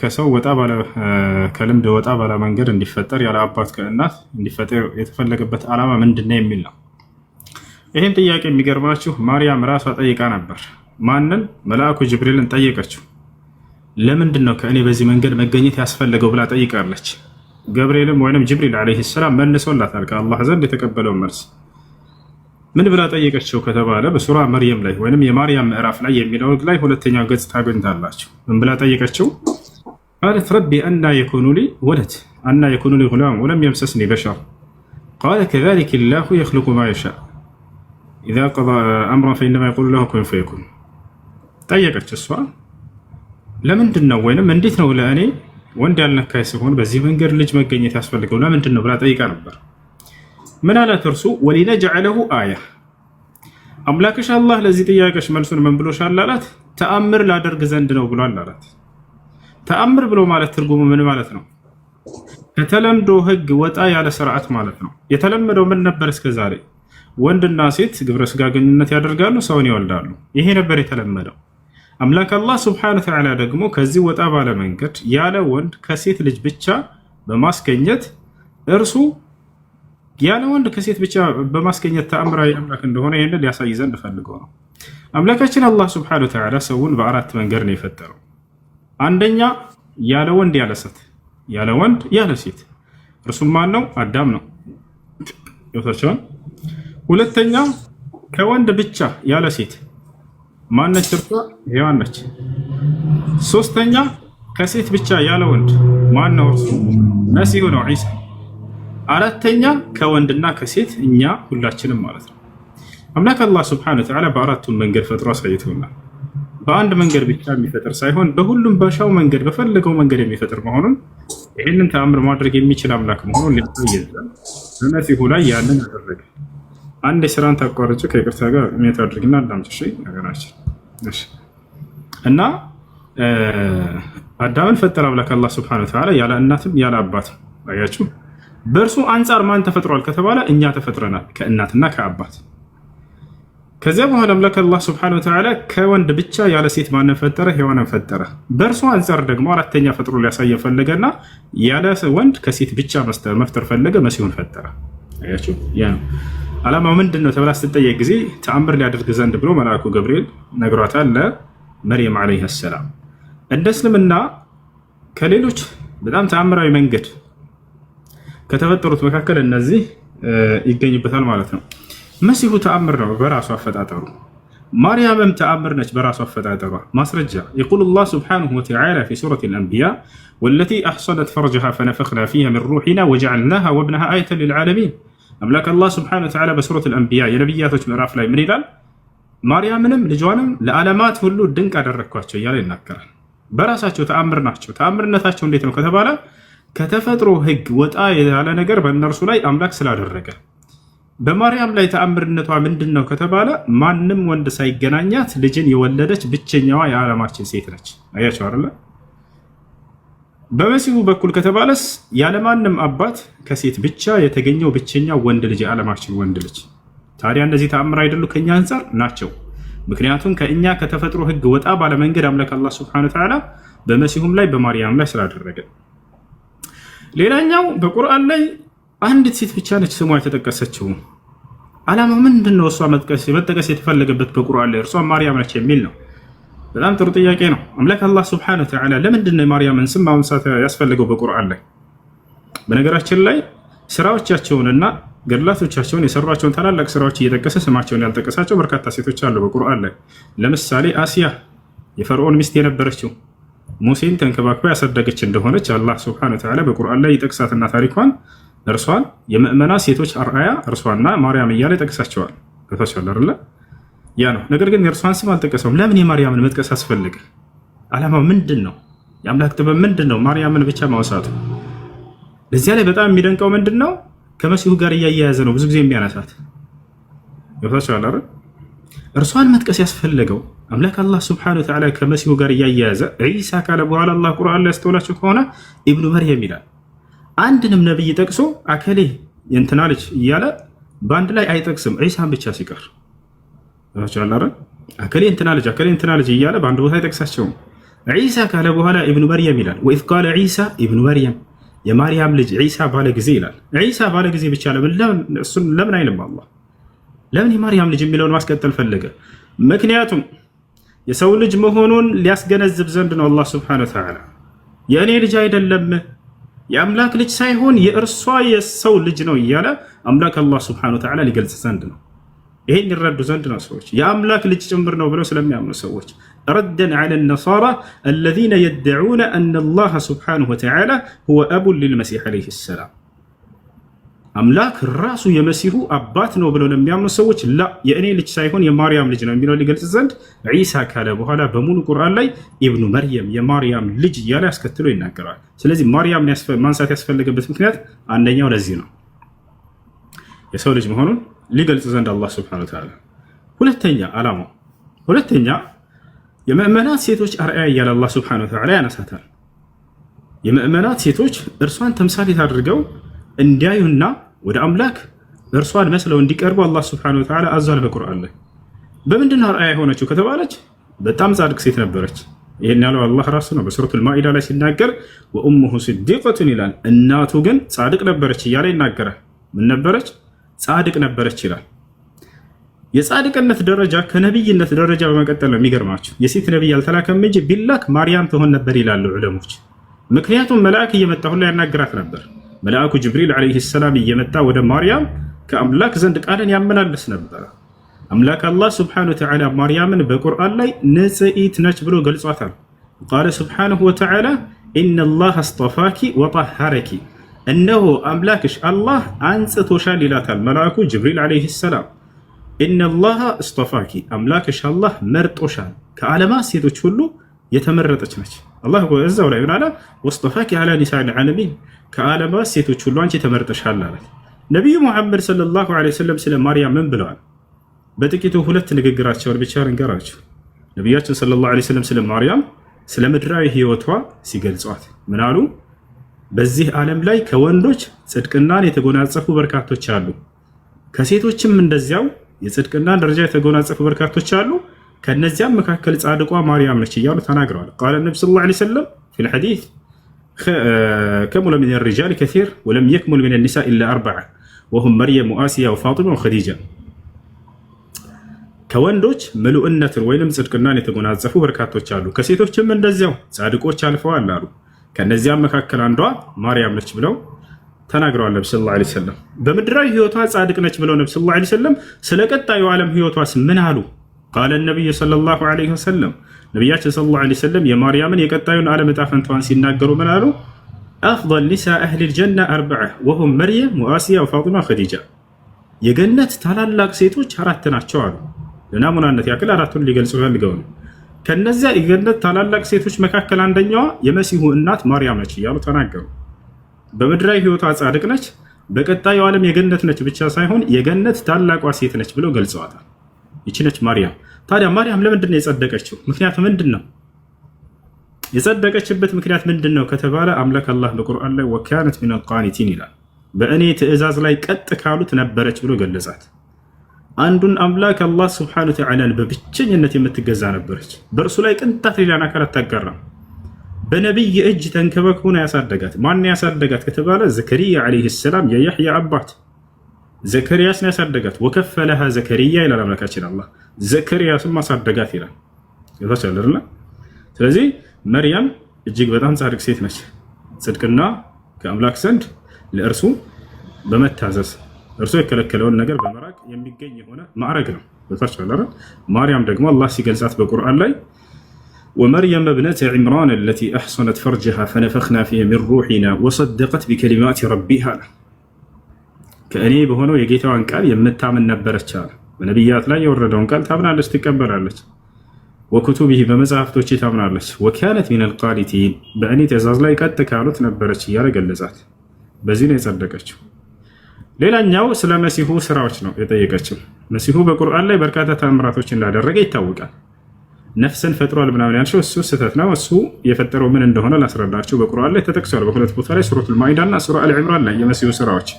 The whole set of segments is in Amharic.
ከሰው ወጣ ባለ ከልምድ ወጣ ባለ መንገድ እንዲፈጠር ያለ አባት ከእናት እንዲፈጠር የተፈለገበት ዓላማ ምንድን ነው የሚል ነው። ይህን ጥያቄ የሚገርማችሁ ማርያም ራሷ ጠይቃ ነበር። ማንን? መልአኩ ጅብሪልን ጠየቀችው። ለምንድን ነው ከእኔ በዚህ መንገድ መገኘት ያስፈለገው ብላ ጠይቃለች። ገብርኤልም ወይም ጅብሪል ዓለይሂ ሰላም መልሶላታል ከአላህ ዘንድ የተቀበለውን መልስ ምን ብላ ጠየቀችው ከተባለ በሱራ መርየም ላይ ወይም የማርያም ምዕራፍ ላይ የሚለው ላይ ሁለተኛ ገጽ ታገኝታላችሁ። ምን ብላ ጠየቀችው? ቃለት ረቢ አና የኩኑ ሊ ወለድ አና የኩኑ ሊ ወለም የምሰስኒ በሸር ቃለ ከዛሊከ ላሁ የክልቁ ማ የሻ ኢዛ ቀዳ አምራ ፈኢነማ የቁሉ ለሁ ኩን ፈይኩን። ጠየቀች እሷ ለምንድን ነው ወይም እንዴት ነው ለእኔ ወንድ ያልነካይ ሲሆን በዚህ መንገድ ልጅ መገኘት ያስፈልገው ለምንድን ነው ብላ ጠይቃ ነበር። ምን አላት እርሱ ወሊነጅዐለሁ አያ አምላክሽ አላህ ለዚህ ጥያቄሽ መልሱን ምን ብሎሻል አላት ተአምር ላደርግ ዘንድ ነው ብሏል አላት ተአምር ብሎ ማለት ትርጉሙ ምን ማለት ነው ከተለምዶ ህግ ወጣ ያለ ስርዓት ማለት ነው የተለመደው ምን ነበር እስከ ዛሬ ወንድና ሴት ግብረ ስጋ ግንኙነት ያደርጋሉ ሰውን ይወልዳሉ ይሄ ነበር የተለመደው አምላክ አላህ ስብሐነ ወተዓላ ደግሞ ከዚህ ወጣ ባለ መንገድ ያለ ወንድ ከሴት ልጅ ብቻ በማስገኘት እርሱ ያለ ወንድ ከሴት ብቻ በማስገኘት ተአምራዊ አምላክ እንደሆነ ይህንን ሊያሳይ ዘንድ ፈልገው ነው። አምላካችን አላህ ሱብሓነሁ ወተዓላ ሰውን በአራት መንገድ ነው የፈጠረው። አንደኛ ያለ ወንድ ያለ ሴት፣ ያለ ወንድ ያለ ሴት። እርሱም ማን ነው? አዳም ነው። ይወታቸዋል። ሁለተኛ ከወንድ ብቻ ያለ ሴት ማነች? እርሷ ሔዋን ነች። ሶስተኛ ከሴት ብቻ ያለ ወንድ ማን ነው? እርሱ መሲሁ ነው፣ ዒሳ አራተኛ ከወንድና ከሴት እኛ ሁላችንም ማለት ነው። አምላክ አላህ ስብሐነ ወተዓላ በአራቱም መንገድ ፈጥሮ አሳይቶናል። በአንድ መንገድ ብቻ የሚፈጥር ሳይሆን በሁሉም በሻው መንገድ በፈለገው መንገድ የሚፈጥር መሆኑን ይህንን ተአምር ማድረግ የሚችል አምላክ መሆኑን ሊያሳየን በነፊሁ ላይ ያንን አደረገ። አንድ የስራን ታቋረጭ ከይቅርታ ጋር ሜት አድርግና እንዳምጭሽ ነገራችን እና አዳምን ፈጠረ አምላክ አላህ ስብሐነ ወተዓላ ያለ እናትም ያለ አባትም አያችሁ። በእርሱ አንጻር ማን ተፈጥሯል ከተባለ እኛ ተፈጥረናል ከእናትና ከአባት። ከዚያ በኋላ አምላክ አላህ ስብሐነሁ ወተዓላ ከወንድ ብቻ ያለ ሴት ማንን ፈጠረ? ሔዋንን ፈጠረ። በእርሱ አንጻር ደግሞ አራተኛ ፈጥሮ ሊያሳየ ፈለገና ያለ ወንድ ከሴት ብቻ መፍጠር ፈለገ፣ መሲሁን ፈጠረ። አያችሁ ያ ነው ዓላማው ምንድን ነው ተብላ ስትጠየቅ ጊዜ ተአምር ሊያደርግ ዘንድ ብሎ መልአኩ ገብርኤል ነግሯታል ለመርየም ዓለይሃ ሰላም። እንደ እስልምና ከሌሎች በጣም ተአምራዊ መንገድ ከተፈጠሩት መካከል እነዚህ ይገኝበታል ማለት ነው። መሲሁ ተአምር ነው በራሱ አፈጣጠሩ። ማርያምም ተአምር ነች በራሱ አፈጣጠሯ። ማስረጃ የቁል ላ ስብሓነሁ ወተዓላ ፊ ሱረት ልአንቢያ ወለቲ አሕሰነት ፈርጅሃ ፈነፈኽና ፊሃ ምን ሩሒና ወጀዓልናሃ ወብነሃ አየተን ልልዓለሚን። አምላክ አላህ ስብሓነሁ ወተዓላ በሱረት ልአንቢያ የነቢያቶች ምዕራፍ ላይ ምን ይላል? ማርያምንም ልጇንም ለዓለማት ሁሉ ድንቅ አደረግኳቸው እያለ ይናገራል። በራሳቸው ተአምር ናቸው። ተአምርነታቸው እንዴት ነው ከተባለ ከተፈጥሮ ህግ ወጣ ያለ ነገር በእነርሱ ላይ አምላክ ስላደረገ በማርያም ላይ ተአምርነቷ ምንድን ነው ከተባለ ማንም ወንድ ሳይገናኛት ልጅን የወለደች ብቸኛዋ የዓለማችን ሴት ነች። አያቸው አለ። በመሲሁ በኩል ከተባለስ ያለማንም አባት ከሴት ብቻ የተገኘው ብቸኛው ወንድ ልጅ የዓለማችን ወንድ ልጅ። ታዲያ እነዚህ ተአምር አይደሉ? ከእኛ አንጻር ናቸው። ምክንያቱም ከእኛ ከተፈጥሮ ህግ ወጣ ባለመንገድ አምላክ አላህ ሱብሐነሁ ወተዓላ በመሲሁም ላይ በማርያም ላይ ስላደረገ ሌላኛው በቁርአን ላይ አንዲት ሴት ብቻ ነች ስሟ የተጠቀሰችው። አላማ ምንድን ነው? እሷ መጠቀስ የተፈለገበት በቁርአን ላይ እርሷ ማርያም ነች የሚል ነው። በጣም ጥሩ ጥያቄ ነው። አምላክ አላህ ስብሐነ ወተዓላ ለምንድን ነው የማርያምን ስም አሁን ሰዓት ያስፈልገው በቁርአን ላይ? በነገራችን ላይ ስራዎቻቸውንና ገድላቶቻቸውን የሰሯቸውን ታላላቅ ስራዎች እየጠቀሰ ስማቸውን ያልጠቀሳቸው በርካታ ሴቶች አሉ በቁርአን ላይ። ለምሳሌ አሲያ የፈርዖን ሚስት የነበረችው ሙሴን ተንከባክባ ያሳደገች እንደሆነች አላህ ስብሐነሁ ወተዓላ በቁርአን ላይ ይጠቅሳትና ታሪኳን እርሷን የምእመና ሴቶች አርአያ እርሷና ማርያም እያለ ይጠቅሳቸዋል። ገብታችኋል አይደለ? ያ ነው። ነገር ግን የእርሷን ስም አልጠቀሰውም። ለምን የማርያምን መጥቀስ አስፈልገ? ዓላማው ምንድን ነው? የአምላክ ጥበብ ምንድን ነው? ማርያምን ብቻ ማውሳቱ። በዚያ ላይ በጣም የሚደንቀው ምንድን ነው? ከመሲሁ ጋር እያያያዘ ነው ብዙ ጊዜ የሚያነሳት። ገብታችኋል አይደል? እርሷን መጥቀስ ያስፈለገው አምላክ አላህ ስብሐነ ወተዓላ ከመሲሁ ጋር እያያያዘ ዒሳ ካለ በኋላ አላህ ቁርአን ላይ ያስተውላችሁ ከሆነ ኢብኑ መርየም ይላል። አንድንም ነቢይ ጠቅሶ አከሌ እንትና ልጅ እያለ በአንድ ላይ አይጠቅስም። ዒሳን ብቻ ሲቀር አከሌ እንትና ልጅ አከሌ እንትና ልጅ እያለ በአንድ ቦታ አይጠቅሳቸውም። ዒሳ ካለ በኋላ ኢብኑ መርየም ይላል። ወኢዝ ቃለ ዒሳ ኢብኑ መርየም የማርያም ልጅ ዒሳ ባለ ጊዜ ይላል። ዒሳ ባለ ጊዜ ብቻ ለምን ለምን አይልም አላህ ለምን የማርያም ልጅ የሚለውን ማስቀጠል ፈለገ? ምክንያቱም የሰው ልጅ መሆኑን ሊያስገነዝብ ዘንድ ነው። አላህ ሱብሓነሁ ወተዓላ የእኔ ልጅ አይደለም የአምላክ ልጅ ሳይሆን የእርሷ የሰው ልጅ ነው እያለ አምላክ አላህ ሱብሓነሁ ወተዓላ ሊገልጽ ዘንድ ነው። ይሄን ይረዱ ዘንድ ነው ሰዎች የአምላክ ልጅ ጭምር ነው ብለው ስለሚያምኑ ሰዎች ረደን ዐለ ነሳራ አለዚነ የድዑነ አነ አላህ ሱብሓነሁ ወተዓላ ሁወ አቡን ሊልመሲሕ ዐለይሂ ሰላም አምላክ ራሱ የመሲሁ አባት ነው ብለው ለሚያምኑ ሰዎች ላ የእኔ ልጅ ሳይሆን የማርያም ልጅ ነው የሚለው ሊገልጽ ዘንድ ዒሳ ካለ በኋላ በሙሉ ቁርአን ላይ ኢብኑ መርየም የማርያም ልጅ እያለ ያስከትሎ ይናገራል። ስለዚህ ማርያም ማንሳት ያስፈለገበት ምክንያት አንደኛው ለዚህ ነው፣ የሰው ልጅ መሆኑን ሊገልጽ ዘንድ አላህ ሱብሓነሁ ወተዓላ። ሁለተኛ አላማው ሁለተኛ የምእመናት ሴቶች አርአያ እያለ አላህ ሱብሓነሁ ወተዓላ ያነሳታል። የምእመናት ሴቶች እርሷን ተምሳሌት አድርገው እንዲያዩና ወደ አምላክ እርሷን መስለው እንዲቀርቡ አላህ ስብሐነሁ ወተዓላ አዟል በቁርአን ላይ። በምንድን ነው አርአያ የሆነችው ከተባለች በጣም ጻድቅ ሴት ነበረች። ይህን ያለው አላህ ራሱ ነው በሱረቱል ማኢዳ ላይ ሲናገር ወኡሙሁ ሲዲቀቱን ይላል። እናቱ ግን ጻድቅ ነበረች እያለ ይናገራል። ምን ነበረች? ጻድቅ ነበረች ይላል። የጻድቅነት ደረጃ ከነቢይነት ደረጃ በመቀጠል ነው። የሚገርማቸው የሴት ነቢይ አልተላከም እንጂ ቢላክ ማርያም ትሆን ነበር ይላሉ ዑለሞች። ምክንያቱም መልአክ እየመጣ ሁላ ያናግራት ነበር መልአኩ ጅብሪል ዓለይሂ ሰላም እየመጣ ወደ ማርያም ከአምላክ ዘንድ ቃልን ያመላልስ ነበረ። አምላክ አላህ ስብሓነሁ ወተዓላ ማርያምን በቁርአን ላይ ንጽኢት ነች ብሎ ገልጿታል። ቃለ ስብሓነሁ ወተዓላ ኢነላህ አስጠፋኪ ወጣሃረኪ፣ እነሆ አምላክሽ አላህ አንጽቶሻል ይላታል መልአኩ ጅብሪል ዓለይሂ ሰላም። ኢነላህ አስጠፋኪ፣ አምላክሽ አላህ መርጦሻል ከዓለማት ሴቶች ሁሉ የተመረጠች ነች። አላህ እዛው ላይ ምናላ ወስጠፋኪ አላ ኒሳ ልዓለሚን ከዓለማ ሴቶች ሁሉ አንቺ ተመርጠሻል አላት። ነቢዩ ሙሐመድ ሰለላሁ ዓለይሂ ወሰለም ስለ ማርያም ምን ብለዋል? በጥቂቱ ሁለት ንግግራቸውን ብቻ ንገራቸው። ነቢያችን ሰለላሁ ዓለይሂ ወሰለም ስለ ማርያም ስለ ምድራዊ ህይወቷ ሲገልጿት ምናሉ? በዚህ ዓለም ላይ ከወንዶች ጽድቅናን የተጎናጸፉ በርካቶች አሉ፣ ከሴቶችም እንደዚያው የጽድቅናን ደረጃ የተጎናጸፉ በርካቶች አሉ ከነዚያም መካከል ጻድቋ ማርያም ነች እያሉ ተናግረዋል። ቃለ ነቢ ሰለላሁ ዐለይሂ ወሰለም ፊል ሐዲስ ከሙለ ሚን ሪጃል ከሲር ወለም የክሙል ሚን ኒሳ ኢላ አርበዓ ወሁም መርየም ወአሲያ ወፋጢማ ወኸዲጃ። ከወንዶች ምሉእነትን ወይንም ጽድቅናን የተጎናጸፉ በርካቶች አሉ፣ ከሴቶችም እንደዚያው ጻድቆች አልፈዋል አሉ። ከእነዚያም መካከል አንዷ ማርያም ነች ብለው ተናግረዋል ነቢ ሰለላሁ ዐለይሂ ወሰለም። በምድራዊ ህይወቷ ጻድቅ ነች ብለው ነቢ ሰለላሁ ዐለይሂ ወሰለም ስለ ቀጣዩ ዓለም ህይወቷስ ምን አሉ? ቃለ ነቢይ ሰለላሁ ዐለይሂ ወሰለም ነቢያችን ሰለላሁ ዐለይሂ ወሰለም የማርያምን የቀጣዩን ዓለም ዕጣ ፈንታዋን ሲናገሩ ምን አሉ? አፍል ኒሳ አህሊል ጀና አርበዐ ወሁም መርየም ወአሲያ ወፋጢማ ኸዲጃ፣ የገነት ታላላቅ ሴቶች አራት ናቸው አሉ። ለናሙናነት ያክል አራቱን ሊገልጹ ፈልገው ነው። ከነዚያ የገነት ታላላቅ ሴቶች መካከል አንደኛዋ የመሲሁ እናት ማርያም ነች እያሉ ተናገሩ። በምድራዊ ሕይወቷ ጻድቅ ነች፣ በቀጣዩ ዓለም የገነት ነች ብቻ ሳይሆን የገነት ታላቋ ሴት ነች ብለው ገልጸዋታል። ይችነች ማርያም። ታዲያ ማርያም ለምንድን ነው የጸደቀችው? ምክንያቱ ምንድን ነው? የጸደቀችበት ምክንያት ምንድን ነው ከተባለ አምላክ አላህ በቁርአን ላይ ወካነት ሚን ቃኒቲን ይላል። በእኔ ትእዛዝ ላይ ቀጥ ካሉት ነበረች ብሎ ገለጻት። አንዱን አምላክ አላህ ስብሐነ ወተዓላን በብቸኝነት የምትገዛ ነበረች። በእርሱ ላይ ቅንጣት ሌላን አካል አታጋራም። በነቢይ እጅ ተንከባክቦ ያሳደጋት። ማን ያሳደጋት ከተባለ ዘከሪያ ዓለይሂ ሰላም የያሕያ አባት ዘከርያስን ያሳደጋት ወከፈለሃ ዘከርያ ይላል አምላካችን አላህ። ዘከርያስን ማሳደጋት ይላል ይታቻለርና ስለዚህ መርያም እጅግ በጣም ጻድቅ ሴት ነች። ጽድቅና ከአምላክ ዘንድ ለእርሱ በመታዘዝ እርሱ የከለከለውን ነገር በመራቅ የሚገኝ የሆነ ማዕረግ ነው። ይታቻለር ማርያም ደግሞ አላህ ሲገልጻት በቁርአን ላይ ومريم ابنة عمران التي أحصنت فرجها فنفخنا فيه من روحنا وصدقت بكلمات ربها ከእኔ በሆነው የጌታዋን ቃል የምታምን ነበረች አለ። በነቢያት ላይ የወረደውን ቃል ታምናለች፣ ትቀበላለች። ወኩቱቢሂ በመጽሐፍቶች ታምናለች። ወኪያነት ሚነል ቃኒቲን በእኔ ትእዛዝ ላይ ቀጥ ካሉት ነበረች እያለ ገለጻት። በዚህ ነው የጸደቀችው። ሌላኛው ስለ መሲሁ ስራዎች ነው የጠየቀችው። መሲሁ በቁርአን ላይ በርካታ ተምራቶች እንዳደረገ ይታወቃል። ነፍስን ፈጥሯል ምናምን ያልሽው እሱ ስህተት ነው። እሱ የፈጠረው ምን እንደሆነ ላስረዳችሁ። በቁርአን ላይ ተጠቅሷል። በሁለት ቦታ ላይ ሱረቱል ማኢዳ እና ሱረ አልዕምራን ላይ የመሲሁ ስራዎች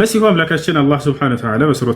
መሲሁ አምላካችን አላህ ስብሐነ ወተዓላ በሱረቱ